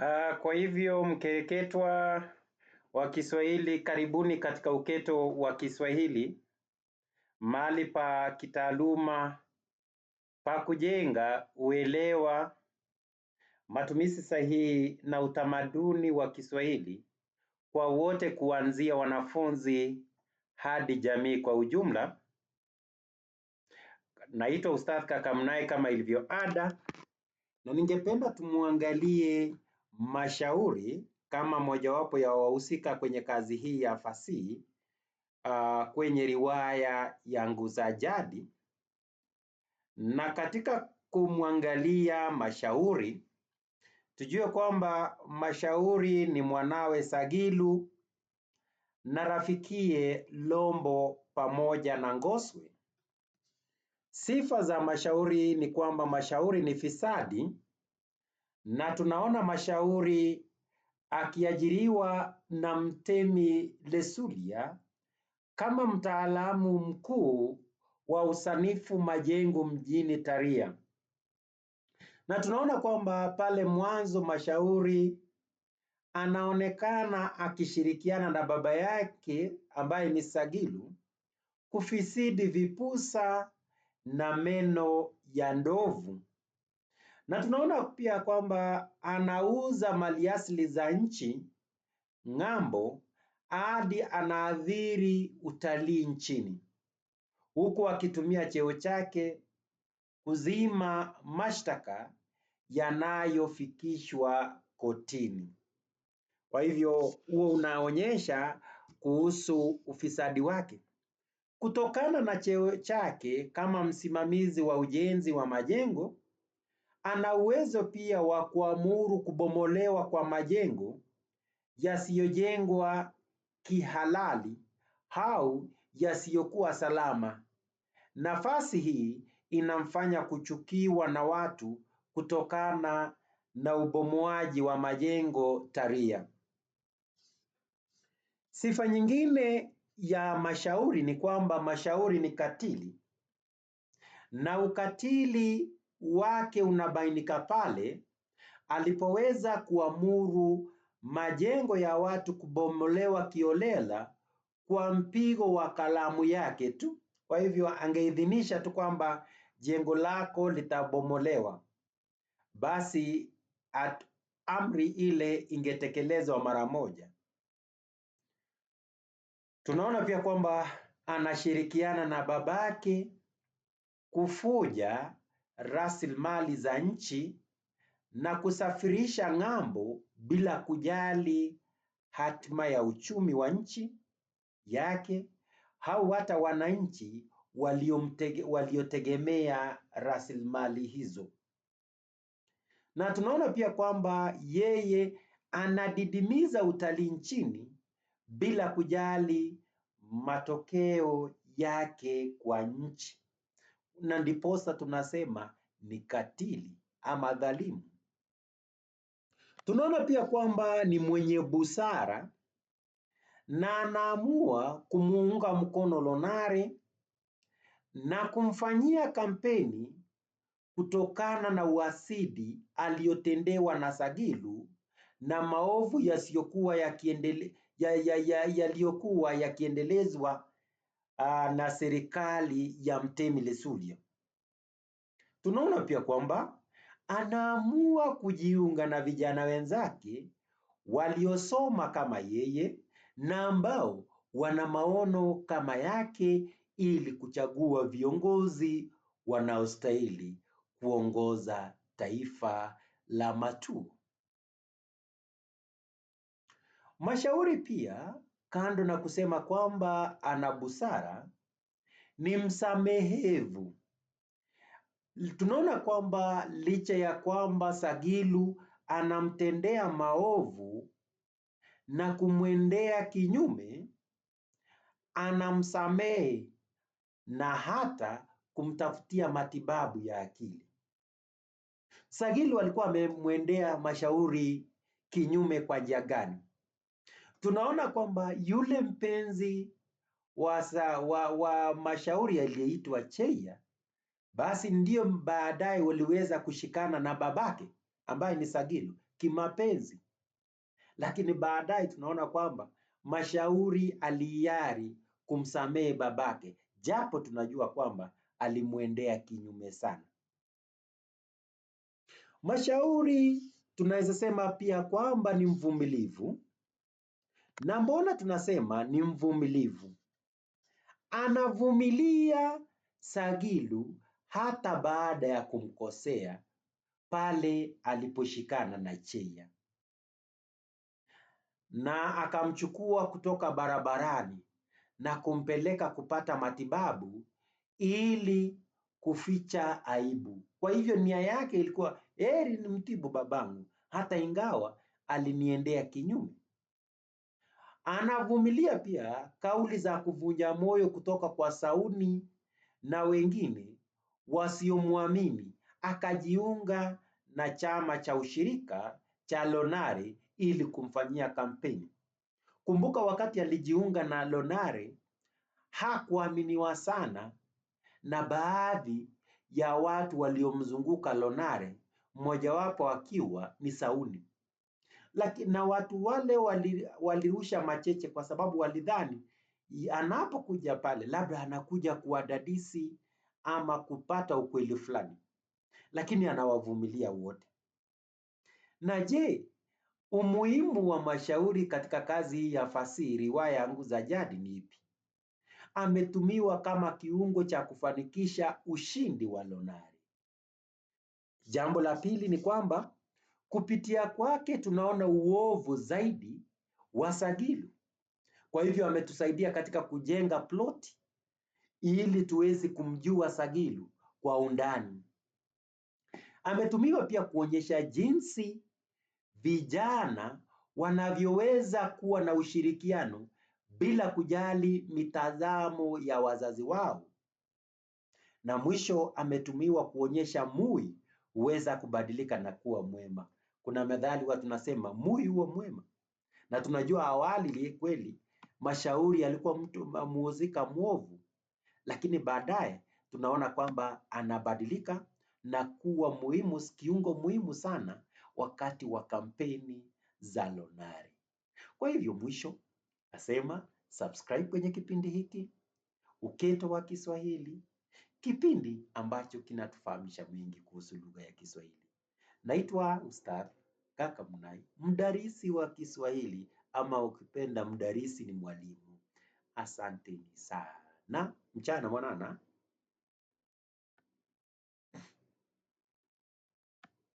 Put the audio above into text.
Ah, kwa hivyo mkereketwa wa kiswahili karibuni katika uketo wa kiswahili, mahali pa kitaaluma, pa kujenga uelewa, matumizi sahihi na utamaduni wa kiswahili kwa wote kuanzia wanafunzi hadi jamii kwa ujumla. Naitwa Ustadh Kakamnai kama ilivyo ada na ningependa tumuangalie Mashauri kama mojawapo ya wahusika kwenye kazi hii ya fasihi ah, kwenye riwaya ya Nguza Jadi na katika kumwangalia Mashauri tujue kwamba Mashauri ni mwanawe Sagilu na rafikie Lombo pamoja na Ngoswe. Sifa za Mashauri ni kwamba Mashauri ni fisadi na tunaona Mashauri akiajiriwa na Mtemi Lesulia kama mtaalamu mkuu wa usanifu majengo mjini Taria, na tunaona kwamba pale mwanzo Mashauri anaonekana akishirikiana na baba yake ambaye ni Sagilu kufisidi vipusa na meno ya ndovu na tunaona pia kwamba anauza maliasili za nchi ng'ambo hadi anaathiri utalii nchini, huku akitumia cheo chake kuzima mashtaka yanayofikishwa kotini. Kwa hivyo huo unaonyesha kuhusu ufisadi wake. Kutokana na cheo chake kama msimamizi wa ujenzi wa majengo, ana uwezo pia wa kuamuru kubomolewa kwa majengo yasiyojengwa kihalali au yasiyokuwa salama. Nafasi hii inamfanya kuchukiwa na watu kutokana na ubomoaji wa majengo taria Sifa nyingine ya mashauri ni kwamba mashauri ni katili na ukatili wake unabainika pale alipoweza kuamuru majengo ya watu kubomolewa kiolela kwa mpigo wa kalamu yake tu. Kwa hivyo angeidhinisha tu kwamba jengo lako litabomolewa, basi at amri ile ingetekelezwa mara moja. Tunaona pia kwamba anashirikiana na babake kufuja rasilimali za nchi na kusafirisha ng'ambo bila kujali hatima ya uchumi wa nchi yake au hata wananchi waliotegemea rasilimali hizo. Na tunaona pia kwamba yeye anadidimiza utalii nchini bila kujali matokeo yake kwa nchi na ndiposa tunasema ni katili ama dhalimu. Tunaona pia kwamba ni mwenye busara na anaamua kumuunga mkono Lonare na kumfanyia kampeni kutokana na uasidi aliyotendewa na Sagilu na maovu yasiyokuwa yakiendelezwa ya, ya, ya, yaliyokuwa yakiendelezwa Ah, na serikali ya Mtemi Lesulia. Tunaona pia kwamba anaamua kujiunga na vijana wenzake waliosoma kama yeye na ambao wana maono kama yake ili kuchagua viongozi wanaostahili kuongoza taifa la Matuo. Mashauri pia kando na kusema kwamba ana busara, ni msamehevu. Tunaona kwamba licha ya kwamba Sagilu anamtendea maovu na kumwendea kinyume, anamsamehe na hata kumtafutia matibabu ya akili. Sagilu alikuwa amemwendea mashauri kinyume kwa njia gani? tunaona kwamba yule mpenzi wasa, wa, wa mashauri aliyeitwa Cheia basi ndiyo baadaye waliweza kushikana na babake ambaye ni Sagilu kimapenzi, lakini baadaye tunaona kwamba mashauri aliyari kumsamehe babake, japo tunajua kwamba alimwendea kinyume sana. Mashauri tunaweza sema pia kwamba ni mvumilivu na mbona tunasema ni mvumilivu? Anavumilia Sagilu hata baada ya kumkosea pale aliposhikana na Cheya na akamchukua kutoka barabarani na kumpeleka kupata matibabu ili kuficha aibu. Kwa hivyo nia yake ilikuwa heri mtibu babangu, hata ingawa aliniendea kinyume. Anavumilia pia kauli za kuvunja moyo kutoka kwa sauni na wengine wasiomwamini akajiunga na chama cha ushirika cha Lonare ili kumfanyia kampeni. Kumbuka wakati alijiunga na Lonare hakuaminiwa sana na baadhi ya watu waliomzunguka Lonare, mmojawapo akiwa ni sauni lakini na watu wale wali, walirusha macheche kwa sababu walidhani anapokuja pale labda anakuja kuwadadisi ama kupata ukweli fulani, lakini anawavumilia wote. Na je, umuhimu wa mashauri katika kazi hii ya fasihi riwaya yangu za jadi ni ipi? Ametumiwa kama kiungo cha kufanikisha ushindi wa Lonari. Jambo la pili ni kwamba Kupitia kwake tunaona uovu zaidi wa Sagilu. Kwa hivyo ametusaidia katika kujenga ploti ili tuweze kumjua Sagilu kwa undani. Ametumiwa pia kuonyesha jinsi vijana wanavyoweza kuwa na ushirikiano bila kujali mitazamo ya wazazi wao, na mwisho ametumiwa kuonyesha mui huweza kubadilika na kuwa mwema kuna methali huwa tunasema mui huo mwema, na tunajua awali kweli Mashauri alikuwa mtu muhusika mwovu, lakini baadaye tunaona kwamba anabadilika na kuwa muhimu, kiungo muhimu sana wakati wa kampeni za Lonari. Kwa hivyo mwisho nasema subscribe kwenye kipindi hiki Uketo wa Kiswahili, kipindi ambacho kinatufahamisha mengi kuhusu lugha ya Kiswahili. Naitwa Ustadh Kaka Munai, mdarisi wa Kiswahili ama ukipenda mdarisi ni mwalimu. Asanteni sana, mchana mwanana.